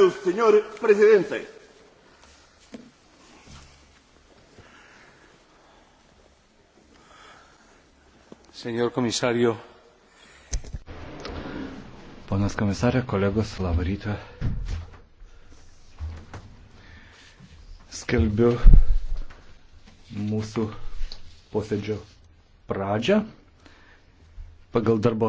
el señor presidente. Señor comisario. Ponas komisarė, kolegos, labą rytą. Skelbiu mūsų posėdžio pradžią pagal darbo